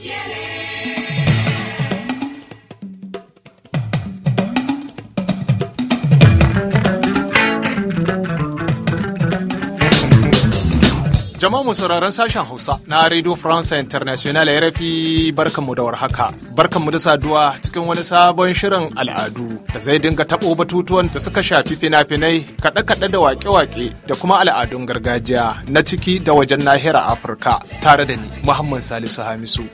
it. Jama'a mu sauraron sashen Hausa na Radio France International ya rafi barkanmu da warhaka. Barkanmu da saduwa cikin wani sabon shirin al'adu da zai dinga tabo batutuwan da suka shafi fina-finai kaɗe-kaɗe da waƙe-waƙe da kuma al'adun gargajiya na ciki da wajen nahiyar Afirka tare da ni Muhammad Salisu Hamisu.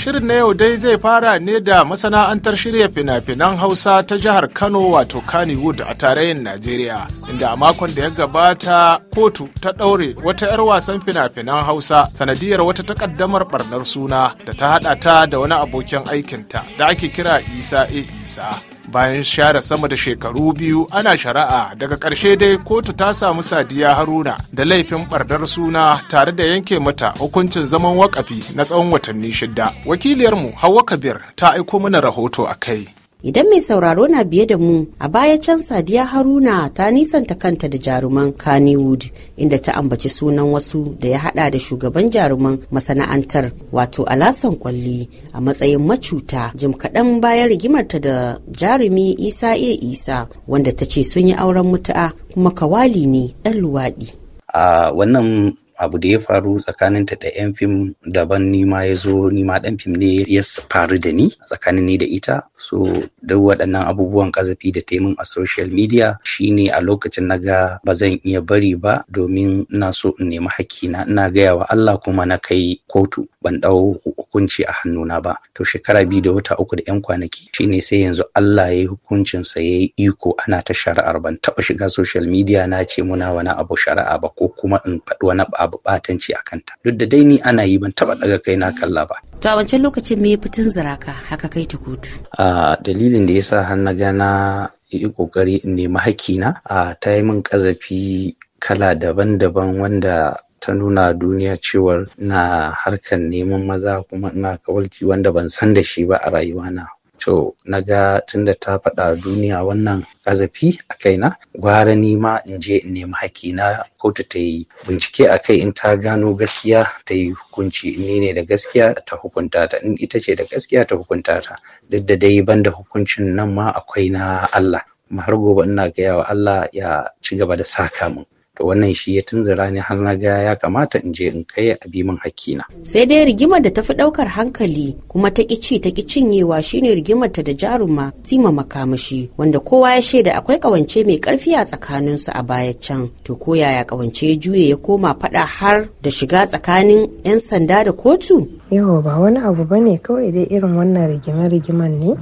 Shirin na yau dai zai fara ne da masana'antar shirya fina-finan Hausa ta jihar Kano wato Kannywood a tarayyar Najeriya, inda a makon da ya gabata kotu ta ɗaure wata 'yar wasan fina-finan Hausa sanadiyar wata takaddamar ɓarnar suna da ta haɗa ta da wani abokin aikinta da ake kira Isa A. Isa. bayan share sama da shekaru biyu ana shari'a daga ƙarshe dai kotu ta samu sadiya haruna da laifin ɓardar suna tare da yanke mata hukuncin zaman wakafi na tsawon watanni shidda wakiliyarmu hawa kabir ta aiko mana rahoto a kai Idan mai sauraro na biye da mu a baya can Sadiya Haruna ta nisanta kanta da jaruman Kannywood inda ta ambaci sunan wasu da ya hada da shugaban jaruman masana'antar wato Alasan Kwalli a matsayin macuta jim kaɗan bayan rigimarta da jarumi Isa A Isa wanda ta ce sun yi auren mutu'a kuma kawali ne ɗan luwaɗi. a wannan abu da ya faru tsakaninta da yan fim daban ni ma ya zo ni ma dan fim ne ya faru da ni tsakanin ni da ita so duk waɗannan abubuwan kazafi da ta min a social media shine a lokacin na ga ba zan iya bari ba domin ina so in nemi hakkina ina gaya wa Allah kuma na kai kotu ban ɗau hukunci a hannuna ba to shekara biyu da wata uku da yan kwanaki shine sai yanzu Allah ya yi hukuncin sa ya yi iko ana ta shari'ar ban taba shiga social media na ce muna wani abu shari'a ba ko kuma in faɗi wani abu batanci a kanta duk da dai ni ana yi ban taba ɗaga kai na kalla ba. To a wancan lokacin me fitin zaraka haka kai ta kotu? A dalilin da yasa har na gana yi kokari in nemi hakina a ta yi min kazafi kala daban-daban wanda ta nuna duniya cewar ina harkar neman maza kuma ina kawalci wanda ban san da shi ba a rayuwana to na ga tunda ta faɗa duniya wannan kazafi a kaina gwara ni ma in je in nemi hakina kotu ta yi bincike a kai in ta gano gaskiya ta yi hukunci ni ne da gaskiya ta hukunta ta in ita ce da gaskiya ta hukunta ta duk da dai ban da hukuncin nan ma akwai na Allah kuma har gobe ina gaya wa Allah ya ci gaba da saka min to wannan shi ya tunzura ni har na ga ya kamata in je in kai a bi hakkina sai dai rigimar da tafi ɗaukar hankali kuma ta ƙici ta ƙi cinyewa shine rigimar ta da jaruma tima makamashi wanda kowa ya shaida akwai kawance mai karfi a tsakanin a baya can to ko yaya ƙawance ya juye ya koma faɗa har da shiga tsakanin yan sanda da kotu yawa ba wani abu bane kawai dai irin wannan rigima rigiman ne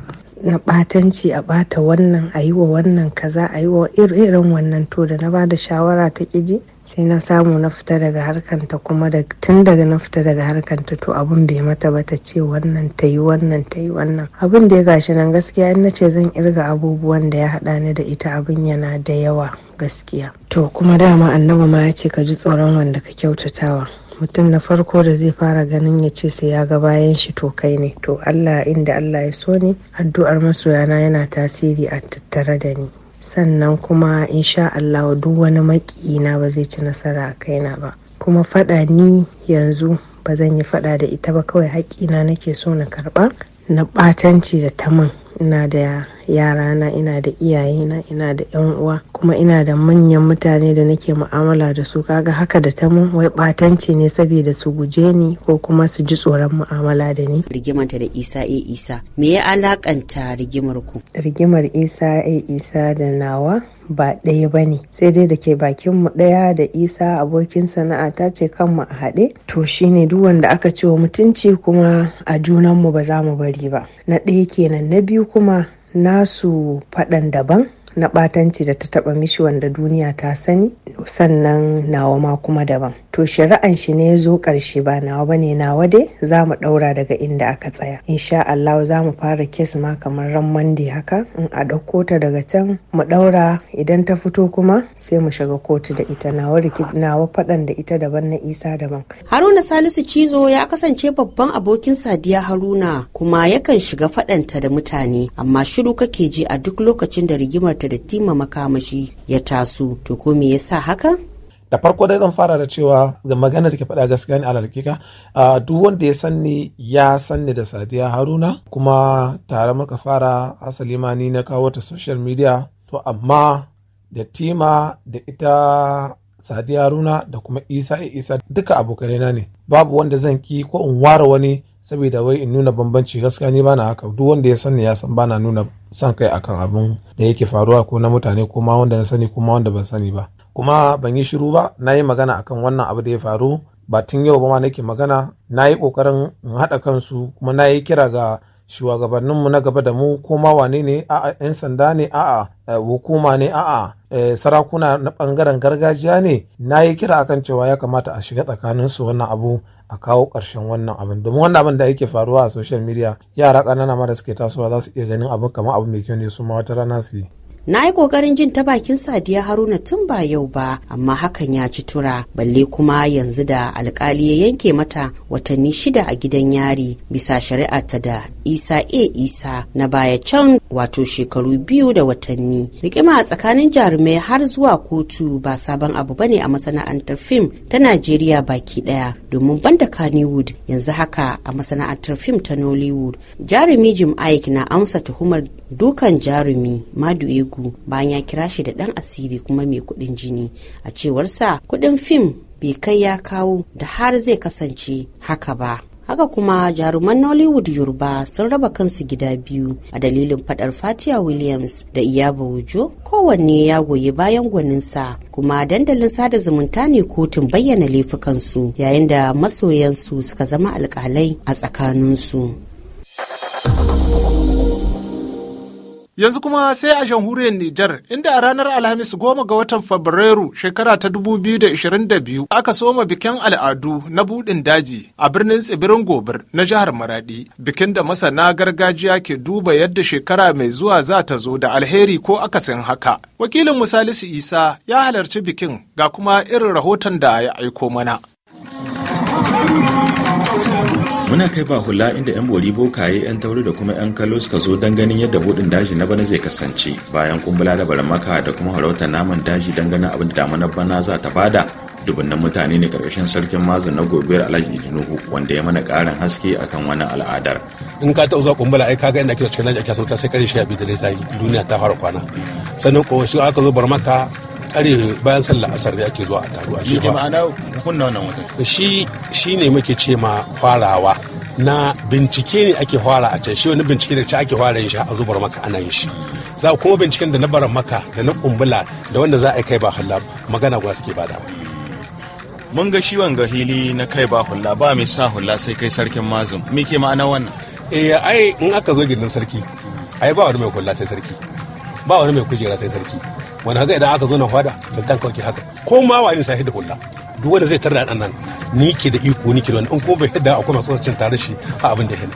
na ɓatanci a ɓata wannan a yi wa wannan kaza a yi wa irin wannan to da na bada shawara ta kiji sai na samu na fita daga harkanta kuma tun daga na fita daga harkanta to abun bai mata ba ta ce wannan ta yi wannan ta yi wannan abun da ya gashi nan gaskiya in na ce zan irga abubuwan da ya haɗa ni da ita abun yana da yawa gaskiya to kuma dama annabi ma ya ce ka ji tsoron wanda ka kyautatawa mutum na farko da zai fara ganin ya ce sai ya ga bayan shi to kai ne to allah inda allah ya so ne addu'ar masoyana yana tasiri a tattare da ni sannan kuma insha allah duk wani na ba zai ci nasara a kaina ba kuma faɗa ni yanzu ba zan yi faɗa da ita ba kawai haƙƙina nake so na karɓa na ɓatanci da tamin ina da yarana ina da iyayena ina da yan uwa kuma ina da manyan mutane da nake mu'amala da su kaga haka da ta mun wai batanci ne saboda su guje ni ko kuma su ji tsoron mu'amala da ni rigimanta da isa e isa me ya alakanta rigimar ku rigimar isa e isa da nawa ba ɗaya ba ne sai dai da ke bakin mu ɗaya da isa abokin sana'a ta ce kanmu a haɗe to shine duk wanda aka ce wa mutunci kuma a junanmu ba za mu bari ba na ɗaya kenan na biyu kuma nasu faɗan daban na ɓatanci da ta taɓa mishi wanda duniya ta sani sannan nawa ma kuma daban to shari'an shi ne ya zo karshe ba nawa ba ne nawa dai za mu ɗaura daga inda aka tsaya insha Allah za mu fara kes ma kamar ran mandi haka in a ɗauko ta daga can mu ɗaura idan ta fito kuma sai mu shiga kotu da ita nawa nawa faɗan da ita daban na isa daban haruna salisu cizo ya kasance babban abokin sadiya haruna kuma yakan shiga faɗanta da mutane amma shiru kake ji a duk lokacin da rigimar ta da tima makamashi ya taso to ko me yasa haka da farko dai zan fara da cewa ga magana da ke faɗa gaskiya ne a duk wanda ya san ni ya san ni da sadiya haruna kuma tare muka fara asali ma ni na kawo ta social media to amma da tima da ita sadiya haruna da kuma isa isa duka abokaina ne babu wanda zan ki ko in ware wani saboda wai in nuna bambanci gaskiya ni bana haka duk wanda ya sani ya san bana nuna san kai akan abin da yake faruwa ko na mutane ko ma wanda na sani ko ma wanda ban sani ba kuma ban yi shiru ba na yi magana akan wannan abu da ya faru ba tun yau ba ma nake magana na yi kokarin in haɗa kansu kuma na yi kira ga shugabanninmu na gaba da mu ko ma wane ne a'a 'yan sanda ne a'a Eh, hukuma ne a'a eh, sarakuna na bangaren gargajiya ne na yi kira akan cewa ya kamata a shiga tsakanin su wannan abu a kawo ƙarshen wannan abin domin wannan abin da yake faruwa a social media yara ƙanana ma suke tasowa za su iya ganin abin kamar abu mai kyau ne su ma wata rana su yi na yi kokarin jin ta bakin sadiya haruna tun ba yau ba amma hakan ya ci tura balle kuma yanzu da alkali ya yanke mata watanni shida a gidan yari bisa shari'a ta da isa a isa na baya can wato shekaru biyu da watanni rikima a tsakanin jarumai har zuwa kotu ba sabon abu ba ne a masana'antar fim ta najeriya baki daya domin banda kannywood yanzu haka a masana'antar fim ta nollywood jarumi jim na amsa tuhumar dukan jarumi madu ego teku bayan ya kira shi da ɗan asiri kuma mai kuɗin jini a cewarsa kuɗin fim bai kai ya kawo da har zai kasance haka ba haka kuma jaruman nollywood yoruba sun raba kansu gida biyu a dalilin fadar fatia williams da iya bawujo kowanne ya goyi bayan gwaninsa kuma dandalin sada zumunta ne kotun bayyana laifukansu yayin da masoyansu suka zama alkalai a tsakaninsu Yanzu kuma sai a jamhuriyar Nijar, inda a ranar Alhamis goma ga watan Fabrairu shekara ta biyu aka soma bikin al'adu na buɗin daji a birnin tsibirin Gobir na jihar Maradi. Bikin da masana gargajiya ke duba yadda shekara mai zuwa za ta zo da alheri ko akasin haka. Wakilin Musalisu Isa ya halarci bikin ga kuma irin rahoton da ya aiko mana. muna kai ba hula inda 'yan bori bokaye 'yan tauri da kuma 'yan kallo suka zo don ganin yadda budin daji na bana zai kasance bayan kumbula da maka da kuma harauta naman daji don ganin abin da na bana za ta bada dubunnan mutane ne karkashin sarkin mazu na gobiyar alhaji idinuhu wanda ya mana karin haske akan wani al'adar in ka taɓa zuwa kumbula ai kaga inda ake cikin daji ake sauta sai shi a biyu da duniya ta fara kwana sannan ko aka zo maka kare bayan sallar asar ne ake zuwa a taru a shefa ma'ana wata shi shi ne muke ce ma farawa na bincike ne ake fara a can shi wani bincike da ce ake fara yin shi a zubar maka ana yin shi za kuma binciken da na bara maka da na kumbula da wanda za a kai ba halla magana guda suke badawa mun ga shi wanga hili na kai ba hula ba mai sa hula sai kai sarkin mazum me ke ma'ana wannan eh ai in aka zo gidan sarki ai ba wani mai hula sai sarki ba wani mai kujera sai sarki wani haka idan aka zo na fada sultan kawai ke haka ko ma wani sahi da hulla duk wanda zai tarda nan ni ke da iko ni ke da in ko bai hidda akwai masu cin tare shi a abin da hin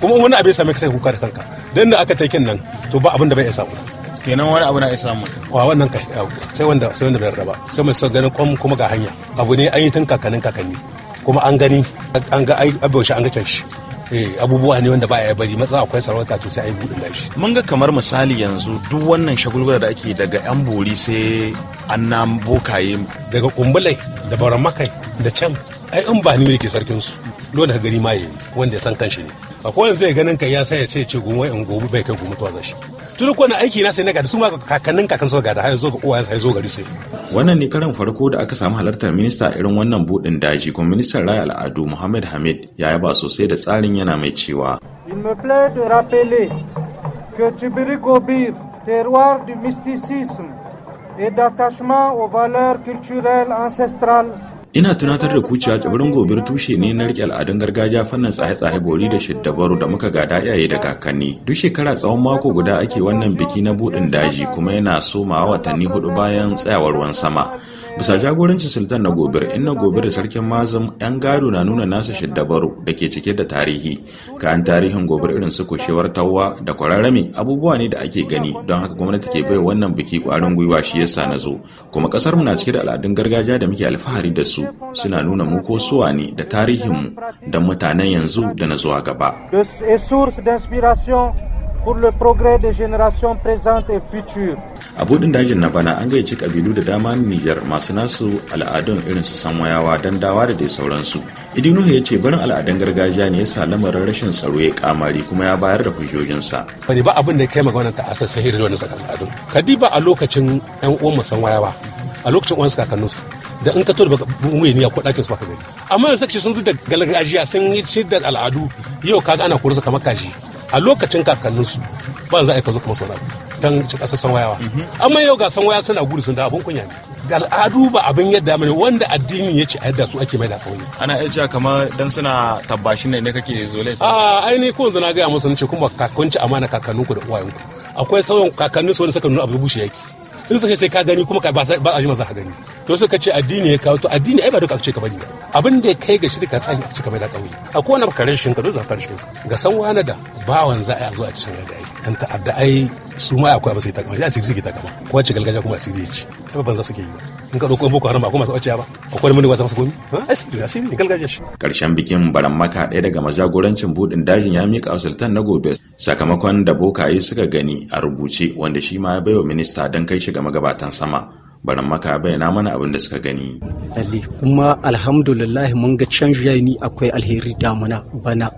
kuma wani abin sami ka sai kuka da kanka dan da aka taikin nan to ba abin da bai isa ku kenan wani abu na isa mu wa wannan ka eh, sai wanda sai wanda bai raba sai mai so ganin kom kuma ga hanya abu ne an yi tun kakannin kakanni kuma an gani an ga abin shi an ga kyan shi Eh, abubuwa ne wanda ba ya bari matsa akwai sarauta to sai a yi buɗin gashi. mun ga kamar misali yanzu duk wannan shagulgula da ake daga yan bori sai an nan bokaye daga kumbulai da baramakai da can ai in ba ni ne ke sarkin su dole ka ma yayi wanda ya san kanshi ne akwai wanda zai ganin ka ya sai ya ce ce gumwai in gobe bai kai gumutuwa zashi tun ko aiki na sai na gada su ma kakannin kakan su gada har zo ga uwayen sai zo gari sai wannan ne karin farko da aka samu halartar minista irin wannan budin daji kuma ministan raya al'adu Muhammad Hamid ya yaba sosai da tsarin yana mai cewa il me plaît de rappeler que Tibiri-Gobir, terroir du mysticisme et d'attachement aux valeurs culturelles ancestrales ina tunatar da ku cewa tsibirin gobir tushe ne na rike al'adun gargajiya fannin tsaye-tsaye bori da shiddabaru da muka gada iyaye da kakanni duk shekara tsawon mako guda ake wannan biki na buɗin daji kuma yana somawa watanni hudu bayan tsayawar ruwan sama bisa jagorancin sultan na gobir in na gobir da sarkin mazam yan gado na nuna nasa shaddabaru da ke cike da tarihi kayan tarihin gobir irin su kushewar tawa da kwararrame abubuwa ne da ake gani don haka gwamnati ke bai wannan biki kwarin gwiwa shi yasa na zo kuma kasar mu na cike da al'adun gargajiya da muke alfahari da su suna nuna mu ko suwa ne da tarihin mu da mutanen yanzu da na zuwa gaba. pour le progrès des générations présentes et futures. A buɗin dajin na bana an gayyaci kabilu da dama Nijar masu nasu al'adun irin su sanwayawa dan dawa da dai sauransu. Idinu ya ce barin al'adun gargajiya ne ya sa lamarin rashin tsaro ya kamari kuma ya bayar da hujjojinsa. Bari ba abin da kai magana ta asar sahiri da wani sakar al'adun. ba a lokacin yan uwan mu sanwayawa a lokacin kakannin su. da in ka to da baka muye ko ɗakin su baka gani. Amma yanzu sun zuta da gargajiya sun yi shiddar al'adu yau kaga ana kurusa kamar kaji. a lokacin kakanninsu ba za a yi ka zo kuma sauran don ci ƙasar sanwayawa amma yau ga sanwaya suna gudu sun da abin kunya ne ga al'adu ba abin yadda mai wanda addini ya ce a yadda su ake mai da kauni ana iya cewa kamar dan suna tabbashi ne ne kake zole a ah, ai ni ko na gaya musu ce kuma kakunci amana ku da ku. akwai sauran kakannin su wani suka nuna abu bushe yake in suka sai ka gani kuma ba a ji maza ka gani to suka ce addini ya kawo to addini ai ba duka ce ka bari ba abin da ya kai ga shirka tsan cika mai da ƙauye a kowane karen shinka da zafar shinka ga san wani da bawan za a zo a cikin da ai yan ta'adda ai su ma akwai abin sai takama ya asiri suke takama ko wace galgaja kuma asiri ya ci ta banza suke yi ba in ka ɗauko boko haram kuma masu ɓaciya ba akwai wani ba za gomi a sirri a ne galgaja shi karshen bikin baran maka ɗaya daga majagorancin buɗin dajin ya miƙa sultan na gobe sakamakon da bokaye suka gani a rubuce wanda shi ma ya baiwa minista don kai shi ga magabatan sama barin maka bayyana mana abin da suka gani. Lalle kuma alhamdulillah mun ga canji ni akwai alheri damuna bana.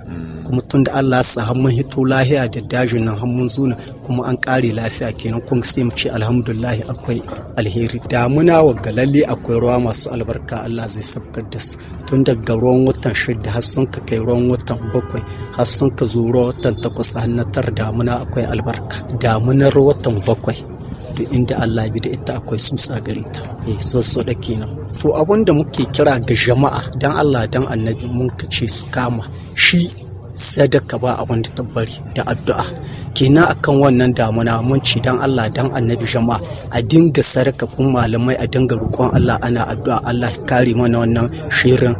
kuma tun da Allah sa mun hito lahiya da dajin nan mun zuna kuma an kare lafiya kenan kun sai mu ce alhamdulillah akwai alheri damuna wa lalle akwai ruwa masu albarka Allah zai sabkar da su tun daga ruwan watan shida har sun ka kai ruwan watan bakwai har sun ka zo ruwan watan takwas har na tar damuna akwai albarka damunar watan bakwai duk inda Allah bi da ita akwai tsutsa gare ta eh da kenan to abin da muke kira ga jama'a dan Allah dan annabi mun kace su kama shi sadaka ba abin da tabbari da addu'a kenan akan wannan damuna mun ci dan Allah dan annabi jama'a a dinga sarka kun malamai a dinga roƙon Allah ana addu'a Allah kare mana wannan shirin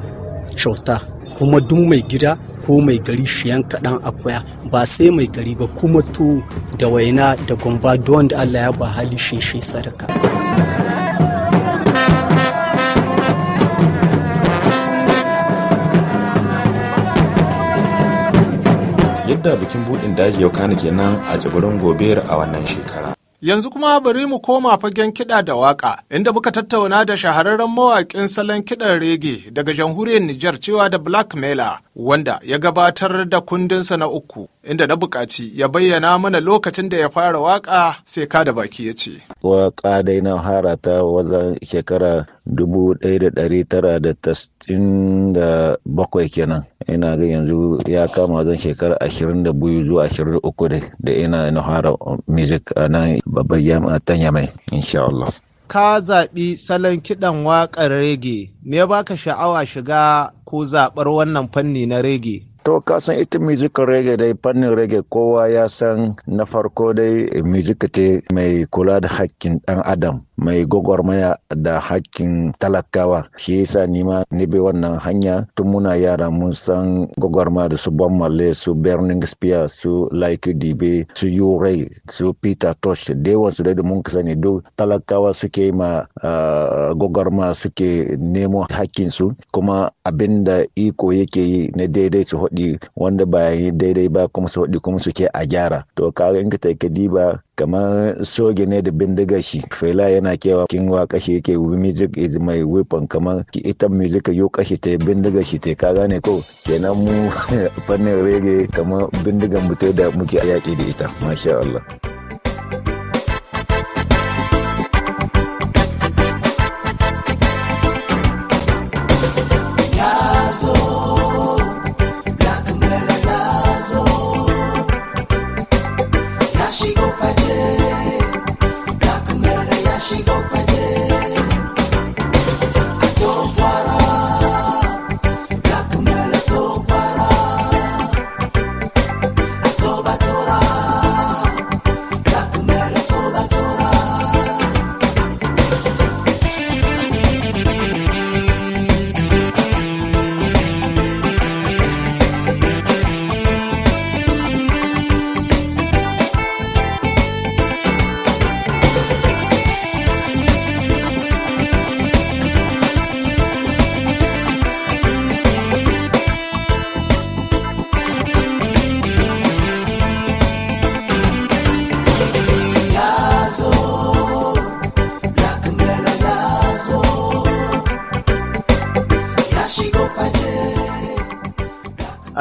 kyauta kuma duk mai gida ko mai gari shiyan kaɗan akwaya ba sai mai gari ba kuma to da waina da gumba don da Allah ya ba hali shi shi yadda bikin buɗin daji yau kana kenan a tsibirin gobe a wannan shekara. Yanzu kuma bari mu koma fagen kiɗa da waƙa, inda muka tattauna da shahararren mawaƙin salon kiɗan rege daga jamhuriyar Nijar cewa da Black Mela, wanda ya gabatar da kundinsa na uku inda na buƙaci ya bayyana mana lokacin da ya fara waƙa sai ka da baki ya ce. Waƙa dai na harata ta wajen shekara 1967 kenan ina ga yanzu ya kama zan shekara 22 zuwa 23 dai da ina na hara music a nan babban jami'a ta yamai insha Allah. Ka zaɓi salon kiɗan waƙar rege, me baka sha'awa shiga ko zaɓar wannan fanni na rege to ka san ita mizika reggae dai fannin reggae kowa ya san na farko dai eh, music ce mai kula da hakkin dan adam mai gwagwarmaya da hakkin talakawa shi yasa ni ma ni bi wannan hanya tun muna yara mun san gwagwarmaya da su bon malle su Burning Spear su Like Dibe su Uray su Peter Tosh da yawan su da mun sani duk talakawa suke ma ah, gwagwarmaya suke nemo hakkin su kuma abinda iko yake yi na daidai su di wanda ba yi daidai ba kuma su faɗi kuma suke a gyara to ka in ka taika diba kamar soge ne da bindiga shi fela yana kewa kin wa kashi yake music is my weapon kamar ki ita music yo kashi ta bindiga shi ta ka gane ko kenan mu fannin rege kamar bindigan mu da muke yaƙi da ita masha Allah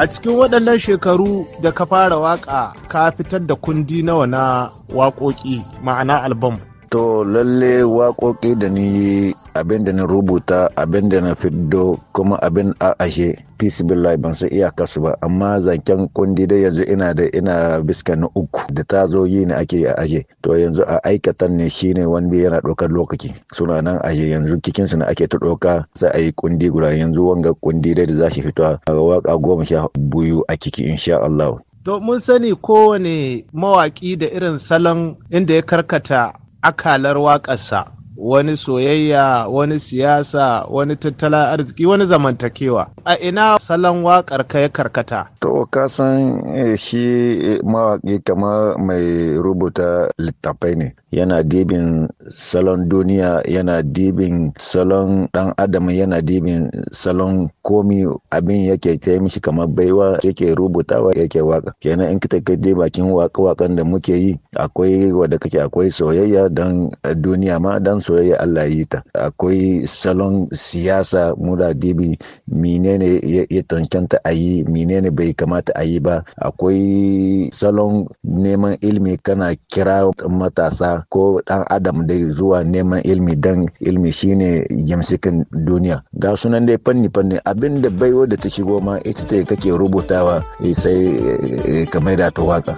a cikin waɗannan shekaru da ka fara waƙa ka fitar da kundi nawa na waƙoƙi ma'ana albam To lalle waƙoƙi da ni abin da na rubuta abin da na fiddo kuma abin a ashe peace ban san iyaka su ba amma zanken kundi dai yanzu ina da ina biska na uku da ta zo yi ne ake a aje to yanzu a aikatan ne shine wanda yana ɗaukar lokaci suna nan aje yanzu cikin su na ake ta ɗauka sai a yi kundi guda yanzu wanga kundi da za shi fito a waka goma sha biyu a ciki insha Allah. To mun sani kowane mawaƙi da irin salon inda ya karkata akalar waƙarsa wani soyayya wani siyasa wani tattalin arziki wani zamantakewa a ina salon waƙar ka ya karkata to ka san eh, shi eh, mawaƙi kamar mai rubuta littafai ne yana dibin salon duniya yana dibin salon dan adam yana dibin salon komi abin yake kai mishi kamar baiwa yake rubutawa yake waka kenan in kita kai bakin waka wakan da muke yi akwai wadda kake akwai soyayya dan duniya ma dan soyayya Allah yi ta akwai salon siyasa muda dibi menene ya tankanta a yi menene bai kamata a yi ba akwai salon neman ilimi kana kira matasa ko dan adam dai zuwa neman ilmi dan ilmi shine yamsikin duniya ga sunan dai fanni fanni abin da baiwa da ta shigo ma ita ce kake rubutawa eh, sai eh, eh, ka da ta waka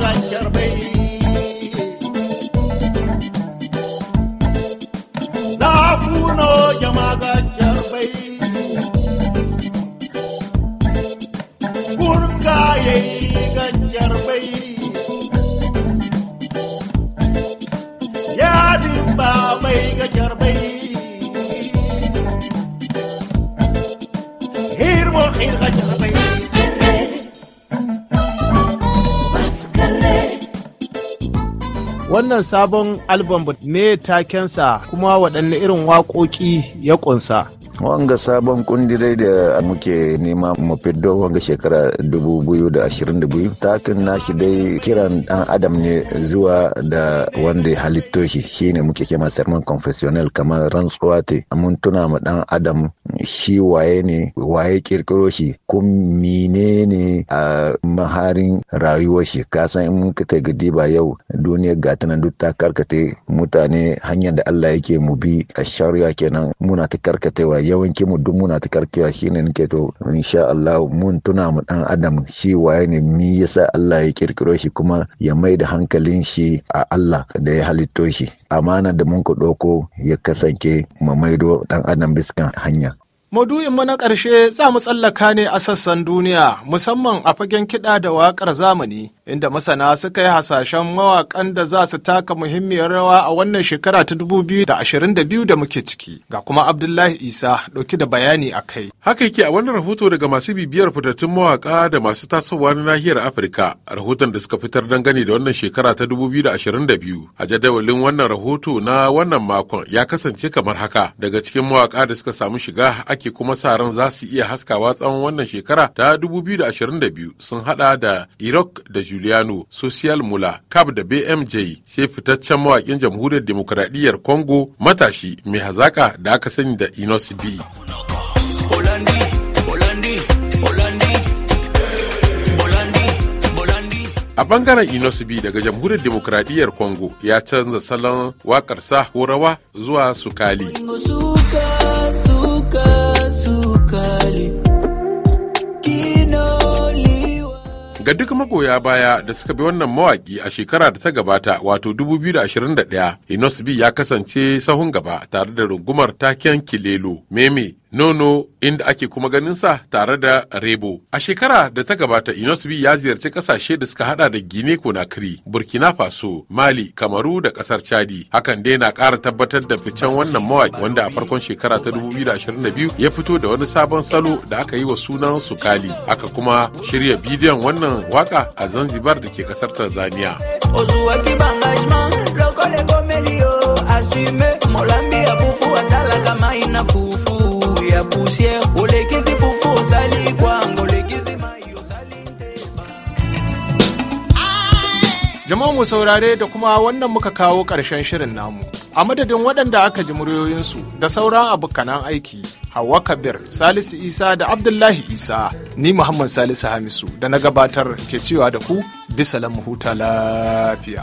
Gracias. Wannan sabon albam ne takensa kuma waɗanne irin waƙoƙi ya ƙunsa. wanga sabon kundirai da muke nema mu fiddo wanga shekara dubu da takin nashi dai kiran dan adam ne zuwa da wanda ya halitto shi shine muke kema sermon confessional kamar rantsuwa te mun tuna ma dan adam shi waye ne waye kirkiro shi kun menene a maharin rayuwar shi kasan in ka ta gidi ba yau duniyar gata nan duk ta karkate mutane hanyar da Allah yake mu bi a shari'a kenan muna ta karkatewa yawanci mu duk muna ta karkiya shine nake to insha Allah mun tuna mu dan adam shi waye ne mi yasa Allah ya kirkiro shi kuma ya mai da hankalin shi a Allah da ya halitto shi amana da mun ku ɗauko ya kasance mu maido dan adam biskan hanya Maudu'in mu na ƙarshe za mu tsallaka ne a sassan duniya musamman a fagen kiɗa da waƙar zamani inda masana suka yi hasashen mawakan da za su taka muhimmiyar rawa a wannan shekara ta 2022 da muke ciki ga kuma abdullahi isa ɗauki da bayani a kai haka yake a wannan rahoto daga masu bibiyar fitattun mawaka da masu tasowa na nahiyar afirka rahoton da suka fitar dangane da wannan shekara ta 2022 a jadawalin wannan rahoto na wannan makon ya kasance kamar haka daga cikin mawaka da suka samu shiga ake kuma sa ran za su iya haskawa tsawon wannan shekara ta 2022 sun hada da iraq da juli Juliano, Social Mula, Cap da BMJ sai fitaccen mawakin jamhuriyar demokradiyyar Congo matashi mai hazaka da aka sani da Inos B. a bangaren inosbi daga jamhuriyar demokradiyyar congo ya canza salon wakarsa ko rawa zuwa sukali. Ga duk magoya baya da suka bi wannan mawaki a shekara da ta gabata wato 2021, inosbi ya kasance sahun gaba tare da rungumar taken Kilelo, Meme nono inda ake kuma ganin sa tare da rebo. A shekara da ta gabata Inosbi ya ziyarci kasashe da suka hada da Gine Conakry, Burkina Faso, Mali, Kamaru da kasar Chadi. Hakan dai na kara tabbatar da ficen wannan mawaki wanda a farkon shekara ta 2022 ya fito da wani sabon salo da aka yi wa sunan Sukali. Aka kuma shirya bidiyon wannan waka a Zanzibar da ke kasar Tanzania. Jama'a mu saurare da kuma wannan muka kawo ƙarshen shirin namu. A madadin waɗanda aka ji muryoyinsu da sauran abokanan aiki, Hauwa Kabir, Salisu Isa da Abdullahi Isa, ni Muhammad Salisu Hamisu da na gabatar ke cewa da ku bisa lamu huta lafiya.